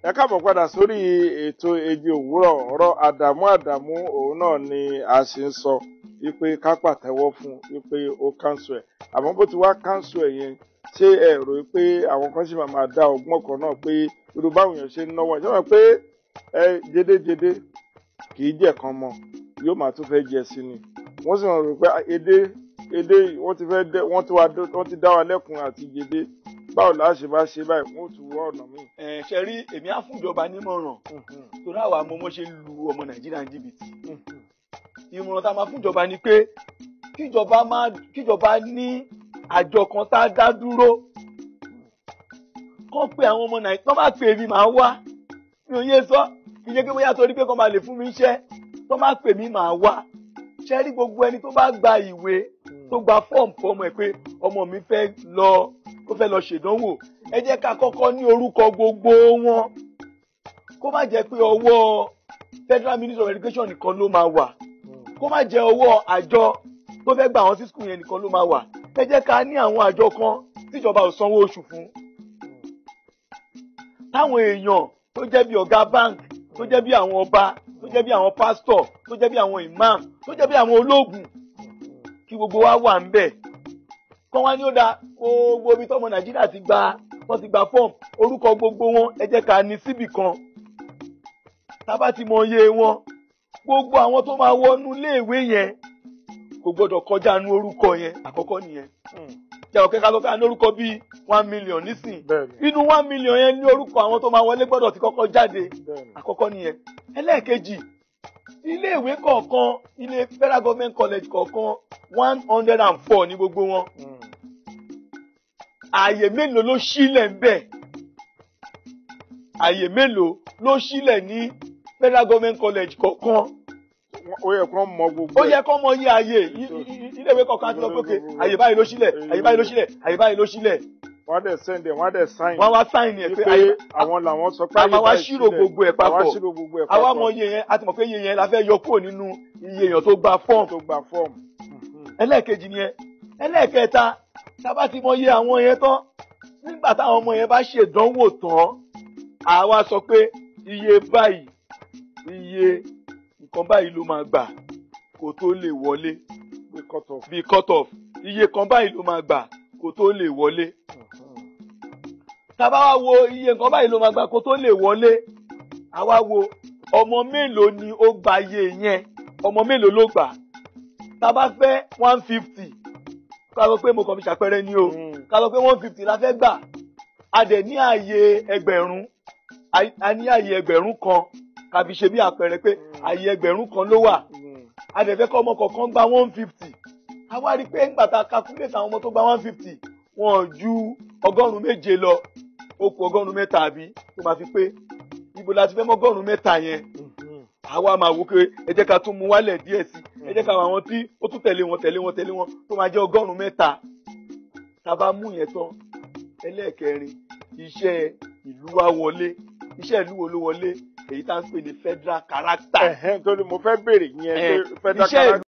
ẹ káàmọ̀ padà sórí ètò Èjì Òwúrọ̀ ọ̀rọ̀ Àdàmú Àdàmú òun náà ni a sì ń sọ wípé ká pàtẹ́wọ́ fún wípé ó kánṣu ẹ̀ àmọ́ bó ti wá kánṣu ẹ̀ yẹn ṣé ẹ rò pé àwọn kan sì máa dá ọgbọ́n kan náà pé irú báwọn èèyàn ṣe ń náwó ẹ̀ ṣọ́wọ́n pé ẹ jẹdẹjẹdẹ kì í jẹ̀ kan mọ́ yóò máa tún fẹ́ jẹ sí ni wọ́n sì rò pé èdè èdè wọ́n ti fẹ́ wọ́n ti dá wa lẹ́kun àti jẹdẹ báwo la ṣe bá ṣe báyìí wọn ò tún wọ ọ̀nà míì. ẹ ṣe rí èmi á fún ìjọba nímọ̀ràn mm-hmm. torí àwọn amọ̀ wọn ṣe lu ọmọ nàìjíríà jìbìtì mm-hmm. ìmọ̀ràn tá a máa fún ìjọba ni pé kíjọba máa kíjọba ní àjọ kan tá a dá dúró kọ́ pé àwọn ọmọ nàìjíríà tó bá pè mí màá wá mi ò yé sọ kì í ṣe pé bóyá torí pé kọ́ máa lè fún mi iṣẹ́ tó bá pè mí màá wá ṣe rí gbogbo ẹni tó bá gba ìwé tó gba fọ́ọ̀mù fọ́ọ̀mù ẹ̀ pé ọmọ mi fẹ́ lọ ó fẹ́ lọ ṣèdánwò ẹ jẹ́ ká kọ́kọ́ ní orúkọ gbogbo wọn kó má jẹ́ pé ọwọ́ federal ministry of education nìkan ló máa wà kó má jẹ́ ọwọ́ àjọ tó fẹ́ gbà wọ́n sí skul yẹn nìkan ló máa wà ẹ jẹ́ ká ní àwọn àjọ kan tíjọba ò sanwó oṣù fún táwọn èèyàn tó jẹ́ bí ọ̀gá bank tó jẹ́ bí àwọn ọba tó jẹ́ bí àwọn pásítọ̀ tó jẹ́ bí àwọn imam tó jẹ́ bí àwọn ológun kí gbogbo wa wà ń bẹ̀ kọ́ wá ní ó da gbogbo ibi tọ́mọ nàìjíríà ti gba wọ́n ti gba fọ́ọ̀mù orúkọ gbogbo wọn ẹ jẹ́ ká ní síbì kan tábà ti mọ iye wọn gbogbo àwọn tó máa wọnú iléèwé yẹn kò gbọdọ̀ kọjá nu orúkọ yẹn àkọ́kọ́ nìyẹn jẹ́ hmm. òkè kálọ́kọ́ àní orúkọ bíi one million nísìn inú one million yẹn ní orúkọ àwọn tó máa wọlé gbọdọ̀ ti kọ́kọ́ jáde àkọ́kọ́ nìyẹn ẹlẹ́ẹ̀kejì iléèwé kọ̀ọ̀kan ilé federal government college kọ̀ọ̀kan one hundred and four ní gbogbo wọn. Mm ààyè mélòó ló sílẹ̀ ń bẹ̀ ààyè mélòó ló sílẹ̀ ní federal government college kọ̀ọ̀kan ó yẹ kó mọ gbogbo ẹ ó yẹ kó mọ yí ààyè iléèwé kọ̀ọ̀kan àti lọ́gbọ̀kẹ́ ààyè báyìí ló sílẹ̀ ààyè báyìí ló sílẹ̀ ààyè báyìí ló sílẹ̀ wọ́n dẹ̀ send ẹ̀ wọ́n dẹ̀ sign. wọ́n wá sign ẹ̀ pé àwọn làwọn sọ pé àyè báyìí sílẹ̀ àwa ṣírò gbogbo ẹ̀ papọ̀ àwa ṣírò gbogbo ẹ̀ papọ̀ àwa mọ iye yẹn a ti mọ̀ iye yẹn la fẹ́ yọ kúrò nínú iye èèyàn sábà ti mọ iye àwọn yẹn tán nígbà táwọn ọmọ yẹn bá ṣèdánwò tán àwa sọ pé iye báyìí iye nǹkan báyìí ló máa gbà kó tó lè wọlé bí cut off iye kan báyìí ló máa gbà kó tó lè wọlé tábà wá wo iye nǹkan báyìí ló máa gbà kó tó lè wọlé àwa wo ọmọ mélòó ni ó gba iye yẹn ọmọ mélòó ló gbà tábà fẹ́ one fifty ká sọ pé mo kàn fi ṣàpẹẹrẹ ni o hmm. ká sọ pé one fifty la fẹ́ gbà a dẹ̀ ní ààyè ẹgbẹ̀rún a ní ààyè ẹgbẹ̀rún kan ká fi ṣe bí àpẹẹrẹ pé hmm. ààyè ẹgbẹ̀rún kan ló wà hmm. a dẹ̀ fẹ́ kọ́ ọmọ kọ̀ọ̀kan gba one fifty a wá rí i pé ńgbà tá a calculate àwọn ọmọ tó gba one fifty wọn ju ọgọ́rùn-ún méje lọ ó kù ọgọ́rùn-ún mẹ́ta àbí tó máa fi pé ibo la ti fẹ́ mọ́ ọgọ́rùn-ún mẹ́ta yẹn àwa máa wò pé ẹ jẹ́ ká tún mú wálẹ̀ díẹ̀ sí ẹ jẹ́ ká wọ àwọn tí ó tún tẹ̀lé wọn tẹ̀lé wọn tẹ̀lé wọn tó máa jẹ́ ọgọ́rùn-ún mẹ́ta tá a bá mú yẹn tán ẹlẹ́ẹ̀kẹrin iṣẹ́ ìlú wa wọlé iṣẹ́ ìlú wo ló wọlé èyí tá à ń pè ní federal character. ẹ̀hẹ́n torí mo fẹ́ béèrè yẹn federal character.